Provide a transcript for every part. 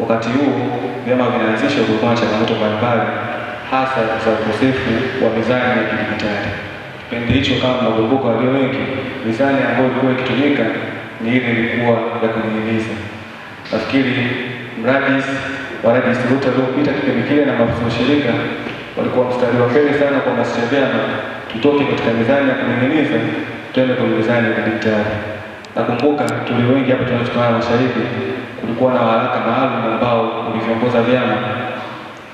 Wakati huu vyama vinaanzisha kutokana na changamoto mbalimbali, hasa za ukosefu wa mizani ya kidijitali. Kipindi hicho, kama mnakumbuka walio wengi, mizani ambayo ilikuwa ikitumika ni ile ilikuwa ya kuning'iniza. Nafikiri mrajisi wa rajisi wote waliopita kipindi kile na maafisa shirika walikuwa mstari wa mbele sana kwa vyama tutoke katika mizani ya kuning'iniza tuende kwenye mizani ya kidijitali. Nakumbuka tuli wengi hapa tunazotokana Mashariki, kulikuwa na waraka maalum ambao uliviongoza vyama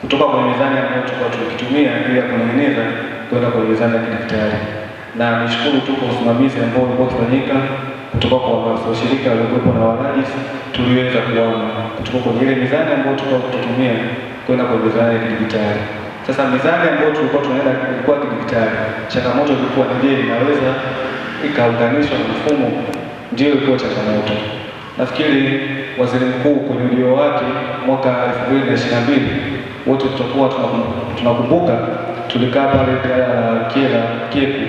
kutoka kwenye mizani ambayo tulikuwa tukitumia ili ya kuning'iniza kwenda kwenye mizani ya kidaktari, na nishukuru tu kwa usimamizi ambao ulikuwa ukifanyika kutoka kwa washirika waliokuwepo na wadadisi, tuliweza kuona kutoka kwenye ile mizani ambayo tulikuwa tukitumia kwenda kwenye mizani ya kidaktari. Sasa mizani ambayo tulikuwa tunaenda kwa kidaktari, changamoto ilikuwa ni je, inaweza ikaunganishwa na mfumo ndio ilikuwa changamoto. Nafikiri waziri mkuu kwenye ujio wake mwaka 2022 wote tutakuwa tunakumbuka, tulikaa pale Kyela Kyeku.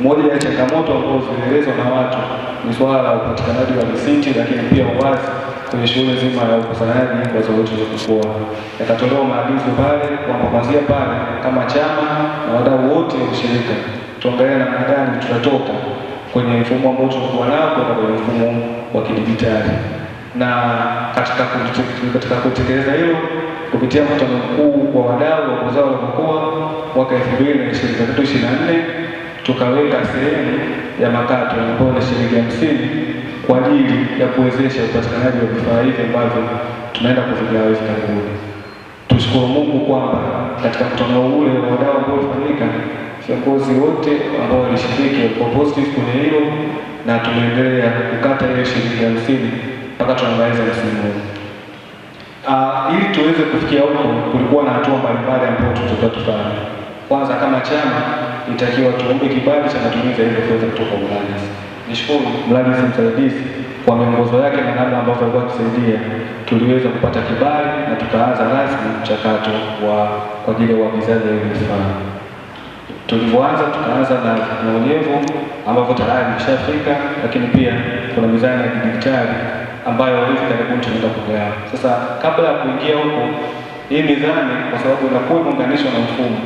Moja ya changamoto ambazo zilielezwa na watu ni swala la upatikanaji wa risiti, lakini pia uwazi kwenye shughuli zima ya ukusanyaji wa zoezi kukua. yakatolewa maagizo pale kwamba kuanzia pale, kama chama na wadau wote wa ushirika tuangalie namna gani tutatoka kwenye mfumo ambao tunakuwa nao kwenda kwenye mfumo wa kidijitali. Na katika katika kutekeleza hilo kupitia mkutano mkuu wa wadau wa mazao ya mkoa mwaka na 24 tukaweka sehemu ya makato ambayo ni shilingi hamsini kwa ajili ya kuwezesha upatikanaji wa vifaa hivi ambavyo tunaenda kuvigawa hivi karibuni. Tunamshukuru Mungu kwamba katika mkutano ule wa dawa ambao ulifanyika, viongozi wote ambao walishiriki kwa positive kwenye hilo, na tumeendelea kukata ile shilingi hamsini mpaka tunamaliza msimu huu. Uh, ah, ili tuweze kufikia huko, kulikuwa na hatua mbalimbali ambazo tulitakiwa tufanye. Kwanza kama chama itakiwa tuombe kibali cha matumizi ya hizo fedha kutoka mradi. Nishukuru mradi msaidizi kwa miongozo yake na namna ambavyo alikuwa akisaidia, tuliweza kupata kibali na tukaanza rasmi mchakato wa kwa ajili ya uagizaji wa vifaa. Tulivyoanza tukaanza na, na ambavyo tayari imeshafika, lakini pia kuna mizani ya kidijitali ambayo hivi karibuni tunaenda kugawa. Sasa kabla ya kuingia huko, hii mizani kwa sababu inakuwa imeunganishwa na mfumo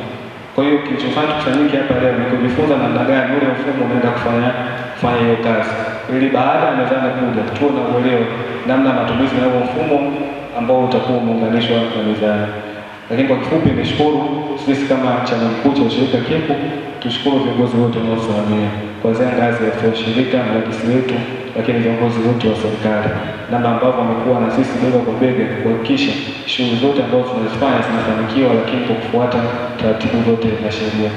kwa hiyo kilichofanya kusanyike hapa leo ni kujifunza namna gani ule mfumo unaenda kufanya kufanya hiyo kazi, ili baada ya mezani kuja tuwe na uelewa namna matumizi na huo mfumo ambao utakuwa umeunganishwa na mezani. Lakini kwa kifupi, nishukuru sisi kama chama kikuu cha ushirika kipo tushukuru viongozi wote wanaosimamia kuanzia ngazi ya ushirika na wetu lakini viongozi wote wa serikali, namna ambavyo wamekuwa na sisi bega kwa bega kuhakikisha shughuli zote ambazo tunazifanya zinafanikiwa, lakini kwa kufuata taratibu zote na sheria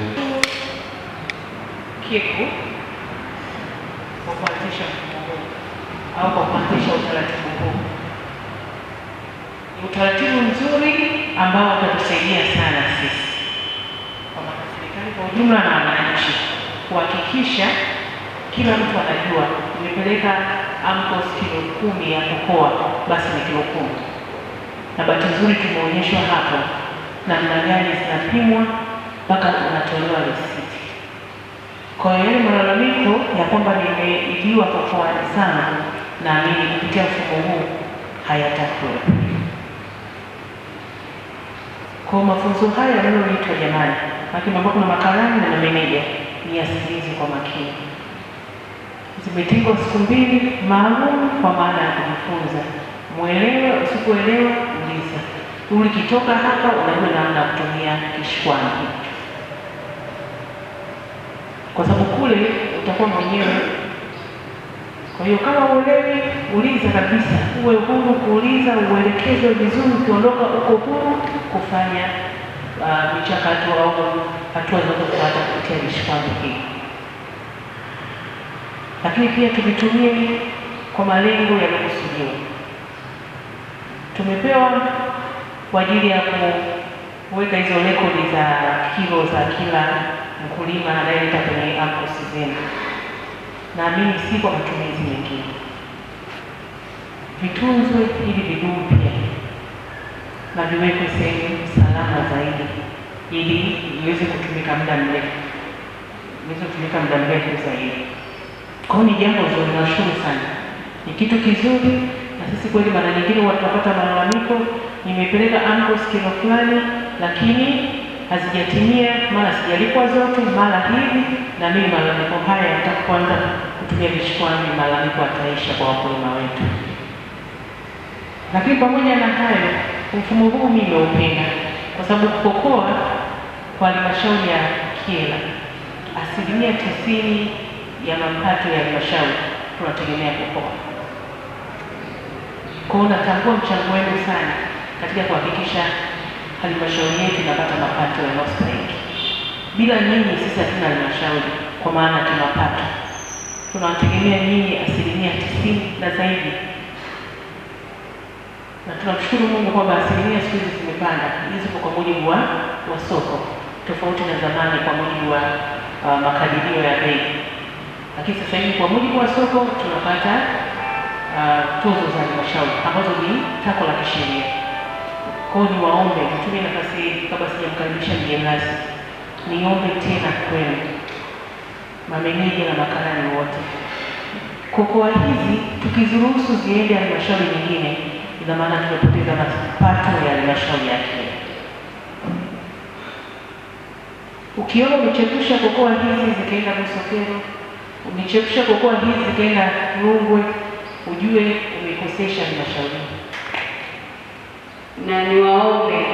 au kwa kuanzisha utaratibu huu. Ni utaratibu mzuri ambao utatusaidia sana sisi kwa maana serikali kwa ujumla na wananchi kuhakikisha kila mtu anajua umepeleka AMCOS kilo kumi ya kokoa, basi ni kilo kumi, na bahati nzuri tumeonyeshwa hapa namna gani zinapimwa mpaka unatolewa risiti. Kwa hiyo malalamiko ya kwamba nimeibiwa kokoa sana, naamini kupitia mfumo huu hayatakuwa. Kwa mafunzo haya yanayoitwa jamani, lakini ambapo kuna makarani na mameneja, niyasikilize kwa makini zimetengwa siku mbili maalum kwa maana ya kujifunza. Mwelewe, usipoelewa uliza. Ulikitoka hapa unajua namna ya kutumia kishkwani, kwa sababu kule utakuwa mwenyewe. Kwa hiyo kama uelewi, uliza kabisa, uwe huru kuuliza, uelekezwe vizuri. Ukiondoka uko huru kufanya uh, michakato au hatua zinazofuata kupitia kishkwani hii lakini pia tuvitumie kwa malengo yaliyokusudiwa. Tumepewa kwa ajili ya kuweka hizo rekodi za kilo za kila mkulima anayeleta kwenye AMCOS na mimi si kwa matumizi mengine, vitunzwe ili vidumu pia na viwekwe sehemu salama zaidi ili viweze kutumika muda mrefu, viweze kutumika muda mrefu zaidi. Kwa hiyo ni jambo zuri, nashukuru sana, ni kitu kizuri. Na sisi kweli mara nyingine huwa tunapata malalamiko, nimepeleka AMCOS kilo fulani, lakini hazijatimia, mara sijalipwa zote, mara hivi na mimi. Malalamiko haya yatakuanza kutumia vishikwambi, malalamiko ataisha kwa wakulima wetu. Lakini pamoja na hayo, mfumo huu mimi naupenda kwa sababu kukokoa kwa halmashauri ya Kyela asilimia tisini ya mapato ya halmashauri tunategemea kukoa. Kwa hiyo natambua mchango wenu sana katika kuhakikisha halmashauri yetu inapata mapato yanayostahili. Bila nyinyi sisi hatuna halmashauri, kwa maana tuna mapato, tunawategemea nyinyi asilimia tisini na zaidi, na tunamshukuru Mungu kwamba asilimia siku hizi zimepanda, hizi kwa mujibu wa soko, tofauti na zamani kwa mujibu wa uh, makadirio ya bei. Lakini sasa hivi kwa mujibu wa soko tunapata uh, tuzo za halmashauri ambazo ni tako la kisheria. Kwa ni waombe nitumie nafasi hii kabla sijamkaribisha mgeni rasmi, niombe tena kwenu mameneja na makarani wote, kokoa hizi tukiziruhusu ziende halmashauri nyingine, ina maana tunapoteza mapato ya halmashauri yake. Ukiona umechepusha kokoa hizi zikaenda kusokero Umechepusha kokoa hizi tena Rungwe, ujue umekosesha halmashauri. Na niwaombe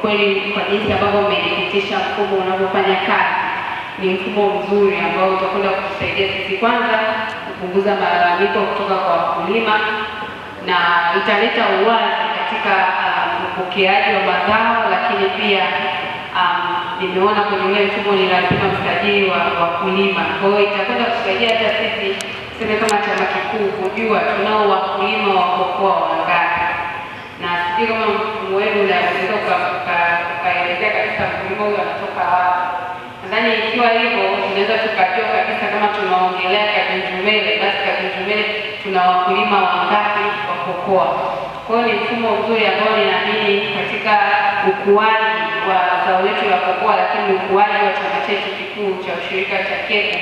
kweli, kwa jinsi ambavyo umeipitisha mfumo unavyofanya kazi, ni mfumo mzuri ambao utakwenda kutusaidia sisi, kwanza kupunguza malalamiko kutoka kwa wakulima na italeta uwazi katika ah, upokeaji um, wa mazao, lakini pia Ah, nimeona kwenye ile mfumo ni lazima msajili wa wakulima. Kwa hiyo itakwenda kusaidia hata sisi seme kama chama kikuu kujua tunao wakulima wa kokoa wangapi, na sijui kama mfumo wenu unaweza ukaelezea kabisa mkulima huyu anatoka wapi. Nadhani ikiwa hivyo tunaweza tukajua kabisa kama tunaongelea Kajenjumele, basi Kajenjumele tuna wakulima wangapi wa kokoa. Kwa hiyo ni mfumo mzuri ambao ninaamini katika ukuaji wa kukua, lakini ukuaji wa chama chetu kikuu cha ushirika cha kenya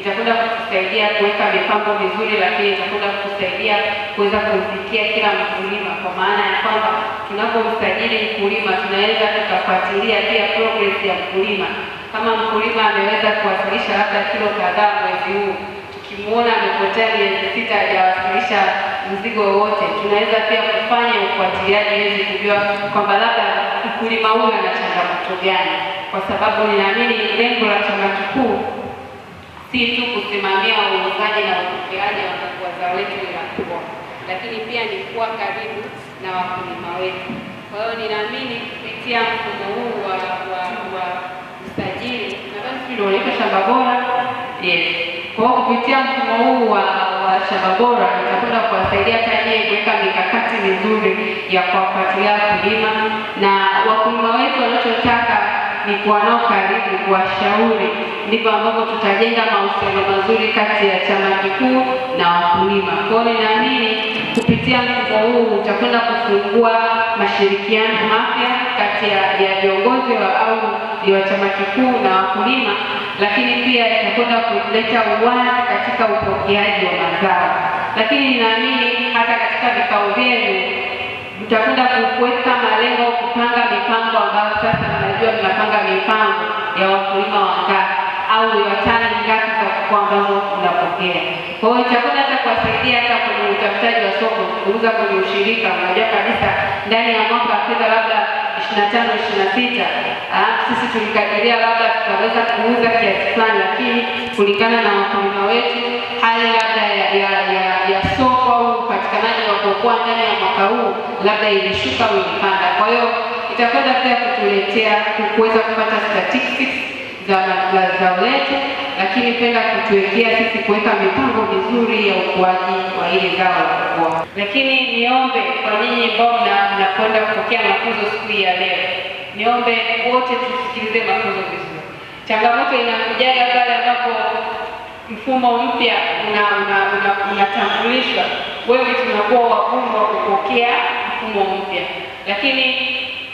itakwenda kutusaidia kuweka mipango mizuri, lakini itakwenda kutusaidia kuweza kumfikia kila mkulima, kwa maana ya kwamba tunapomsajili mkulima tunaweza tukafuatilia pia progress ya mkulima. Kama mkulima ameweza kuwasilisha labda kilo kadhaa mwezi huu tukimuona amepotea miezi sita hajawasilisha mzigo wowote, tunaweza pia kufanya ufuatiliaji ili kujua kwamba labda mkulima huyu ana changamoto gani, kwa sababu ninaamini lengo la chama kikuu si tu kusimamia uuzaji na upokeaji wa zao wetu ni kubwa, lakini pia ni kuwa karibu na wakulima wetu. Kwa hiyo ninaamini kupitia mfumo huu wa usajili, nadhani tulionyesha shamba bora yes. Kwa kupitia mfumo huu wa, shamba bora tutakwenda kuwasaidia taje kuweka mikakati mizuri ya kuwafuatilia wakulima na wakulima wetu wanachotaka ni kuwa nao karibu, kuwashauri. Ndipo ambapo tutajenga mahusiano mazuri kati ya chama kikuu na wakulima. Kwa hiyo ninaamini kupitia mfuko huu utakwenda kufungua mashirikiano mapya kati ya viongozi wa au wa chama kikuu na wakulima, lakini pia itakwenda kuleta uwazi katika upokeaji wa mazao, lakini ninaamini hata katika vikao vyenu mtakwenda kuweka malengo, kupanga mipango ambayo sasa mnajua mnapanga mipango ya wakulima wangapi au ya tani ngapi za kuku ambazo mnapokea. Kwa hiyo itakwenda hata kuwasaidia hata kwenye utafutaji wa soko, kuuza kwenye ushirika. Unajua kabisa ndani ya mwaka wa fedha labda ishirini na tano ishirini na sita ah, sisi tulikadiria labda tutaweza kuuza kiasi fulani, lakini kulingana na wakulima wetu hali labda ya, ya, ya, ya soko iliyokuwa ndani ya mwaka huu labda ilishuka au ilipanda. Kwa hiyo itakwenda pia kutuletea kuweza kupata statistics za zao letu, lakini penda kutuwekea sisi kuweka mipango mizuri ya ukuaji wa ile zao la kokoa. Lakini niombe kwa nyinyi ambao mnakwenda kupokea mafunzo siku ya leo, niombe wote tusikilize mafunzo vizuri. Changamoto inakujaga pale ambapo mfumo mpya unatambulishwa una, una, una wewe tunakuwa wagumu wa kupokea mfumo mpya, lakini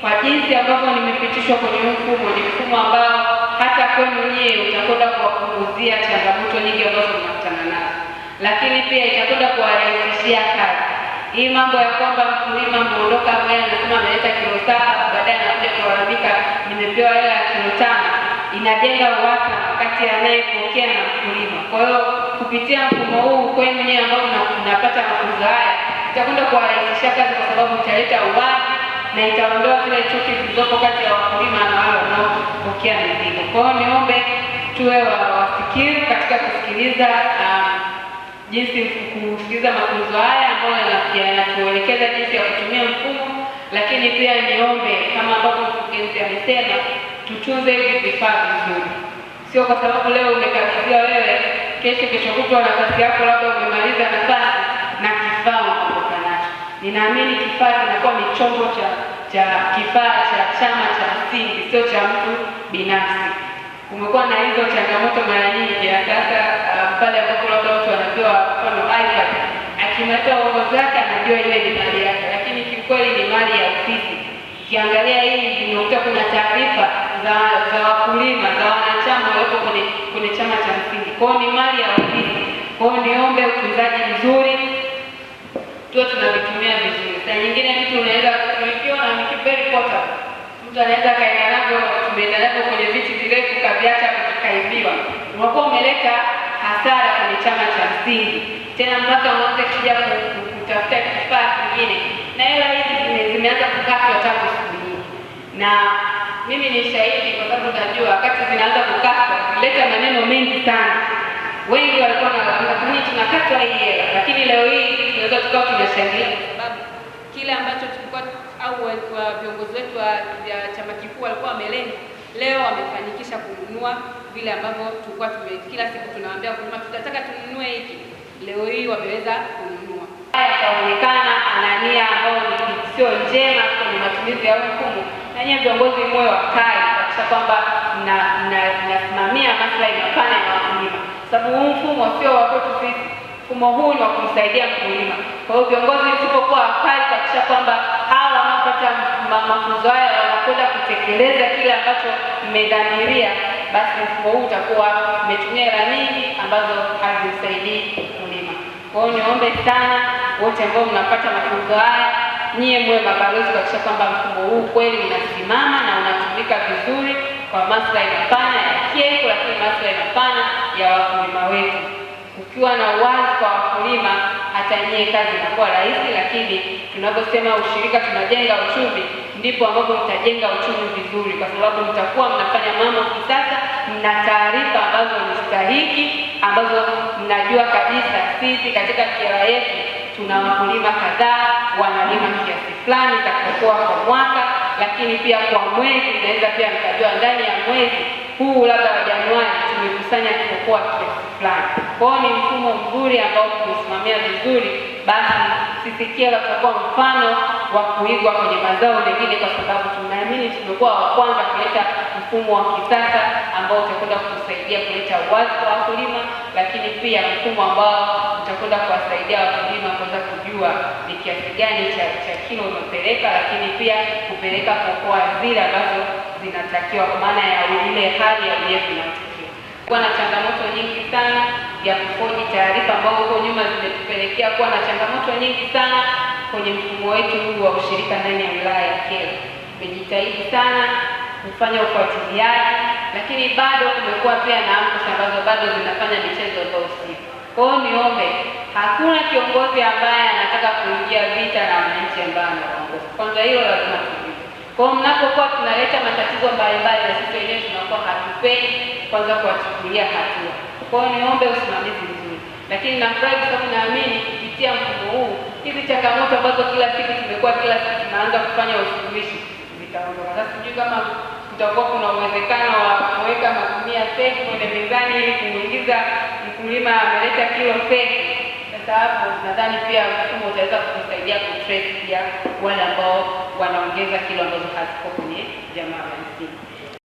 kwa jinsi ambavyo nimepitishwa kwenye mfumo, ni mfumo ambao hata kwenu nyie utakwenda kuwapunguzia changamoto nyingi ambazo mnakutana nazo, lakini pia itakwenda kuwarahisishia kazi. Hii mambo ya kwamba mkulima mmeondoka ambaye anasema ameleta kilo saba, baadaye anakuja kulalamika nimepewa hela ya kilo tano inajenga uwasa kati ya anayepokea na mkulima. Kwa hiyo kupitia mfumo huu kwenu mwenyewe ambao unapata mafunzo haya itakwenda kuwarahisisha kazi, kwa sababu italeta uwazi na itaondoa zile chuki zilizopo kati ya wakulima na wale wanaopokea mizigo. Kwa hiyo niombe tuwe wasikivu katika kusikiliza um, jinsi kusikiliza mafunzo haya ambayo yanatuelekeza jinsi ya kutumia mfumo, lakini pia niombe kama ambavyo mkurugenzi amesema tutunze vifaa vizuri, sio kwa sababu leo umekabidhiwa wewe, kesho kesho kutwa nafasi yako labda umemaliza nafasi na kifaa unaondoka nacho. Ninaamini kifaa kinakuwa ni chombo cha cha kifaa cha chama cha msingi, sio cha mtu binafsi. Kumekuwa na hizo changamoto mara nyingi, ya sasa, um, pale ambapo labda mtu anapewa mfano iPad, akimaliza uongozi wake anajua ile ni mali yake, lakini kiukweli ni mali ya ofisi. Ukiangalia hii, unakuta kuna taarifa za za wakulima za wanachama walioko kwenye kwenye chama cha msingi. Kwao ni mali ya ofisi. Kwao niombe utunzaji mzuri, tuwe tunavitumia vizuri. Saa nyingine kitu unaweza ni very kota, mtu anaweza kaenda navyo, tumeenda navyo kwenye viti virefu kaviacha kaibiwa, unakuwa umeleta hasara kwenye chama cha msingi. Tena mpaka unaanza kija kutafuta kifaa kingine, na hela hizi zimeanza kukatwa tangu siku hii na mimi ni shahidi, kwa sababu najua wakati zinaanza kukatwa kuleta maneno mengi sana. Wengi walikuwa na tunakatwa hii hela, lakini leo hii tunaweza tukao tunashangilia kwa sababu kile ambacho tulikuwa au viongozi wetu wa chama kikuu walikuwa wamelenga, leo wamefanikisha kununua vile ambavyo tulikuwa tume, kila siku tunawaambia kwamba tutataka tununue hiki, leo hii wameweza kununua. Haya kaonekana Anania ambao sio njema kwenye matumizi ya mfumo nanyi viongozi moyo wa kali kuhakikisha kwamba mnasimamia maslahi mapana ya wakulima, sababu huu mfumo sio wa kwetu sisi, mfumo huu ni wa kumsaidia mkulima. Kwa hiyo viongozi msipokuwa wakali kuhakikisha kwamba hawa wanaopata mafunzo haya wanakwenda kutekeleza kile ambacho mmedhamiria, basi mfumo huu utakuwa umetumia hela nyingi ambazo hazisaidii mkulima. Kwa hiyo niombe sana wote ambao mnapata mafunzo haya nyie mwe mabalozi kuhakikisha kwamba mfumo huu kweli unasimama na unatumika vizuri kwa maslahi mapana ya KYECU, lakini maslahi mapana ya wakulima wetu. Ukiwa na uwazi kwa wakulima, hata nyie kazi inakuwa rahisi, lakini tunaposema ushirika tunajenga uchumi, ndipo ambapo mtajenga uchumi vizuri, kwa sababu mtakuwa mnafanya mambo kisasa, mna taarifa ambazo ni stahiki, ambazo mnajua kabisa sisi katika kira yetu Tuna wakulima kadhaa wanalima kiasi fulani itakapokuwa kwa mwaka, lakini pia kwa mwezi inaweza pia nikajua ndani ya mwezi huu labda wa Januari tumekusanya kikokoa kiasi fulani. Kwa hiyo ni mfumo mzuri ambao tumesimamia vizuri, basi sisi KELA tutakuwa mfano wa kuigwa kwenye mazao mengine, kwa sababu tunaamini tumekuwa wa kwanza kuleta mfumo wa kisasa ambao utakwenda kutusaidia kuleta uwazi kwa wakulima, lakini pia mfumo ambao utakwenda kuwasaidia wakulima kuweza kujua ni kiasi gani cha, cha kilo unapeleka, lakini pia kupeleka kokoa zile ambazo zinatakiwa kwa maana ya ile hali ya unyevu inayotakiwa. Kuwa na changamoto nyingi sana ya kufoji taarifa ambao huko nyuma zimetupelekea kuwa na changamoto nyingi sana kwenye mfumo wetu huu wa ushirika ndani ya wilaya ya Kyela. Tumejitahidi sana kufanya ufuatiliaji, lakini bado kumekuwa pia na AMCOS ambazo bado zinafanya michezo ambayo sio. Kwa hiyo niombe, hakuna kiongozi ambaye anataka kuingia vita na wananchi ambao anaongoza. Kwanza hilo lazima tujue. Kwa hiyo mnapokuwa tunaleta matatizo mbalimbali, na sisi wenyewe tunakuwa hatupendi kwanza kuwachukulia hatua. Kwa hiyo niombe usimamizi mzuri, lakini nafurahi kwa sababu naamini kupitia mfumo huu hizi changamoto ambazo kila siku tumekuwa kila siku tunaanza kufanya usuluhishi zitaondoka. Sasa sijui kama kutakuwa kuna uwezekano wa kuweka magunia seki kwenye mizani ili kumuingiza mkulima ameleta kilo seki. Sasa hapo nadhani pia mfumo utaweza kutusaidia kutrace pia wale ambao wanaongeza kilo ambazo haziko kwenye jamaa ya msingi.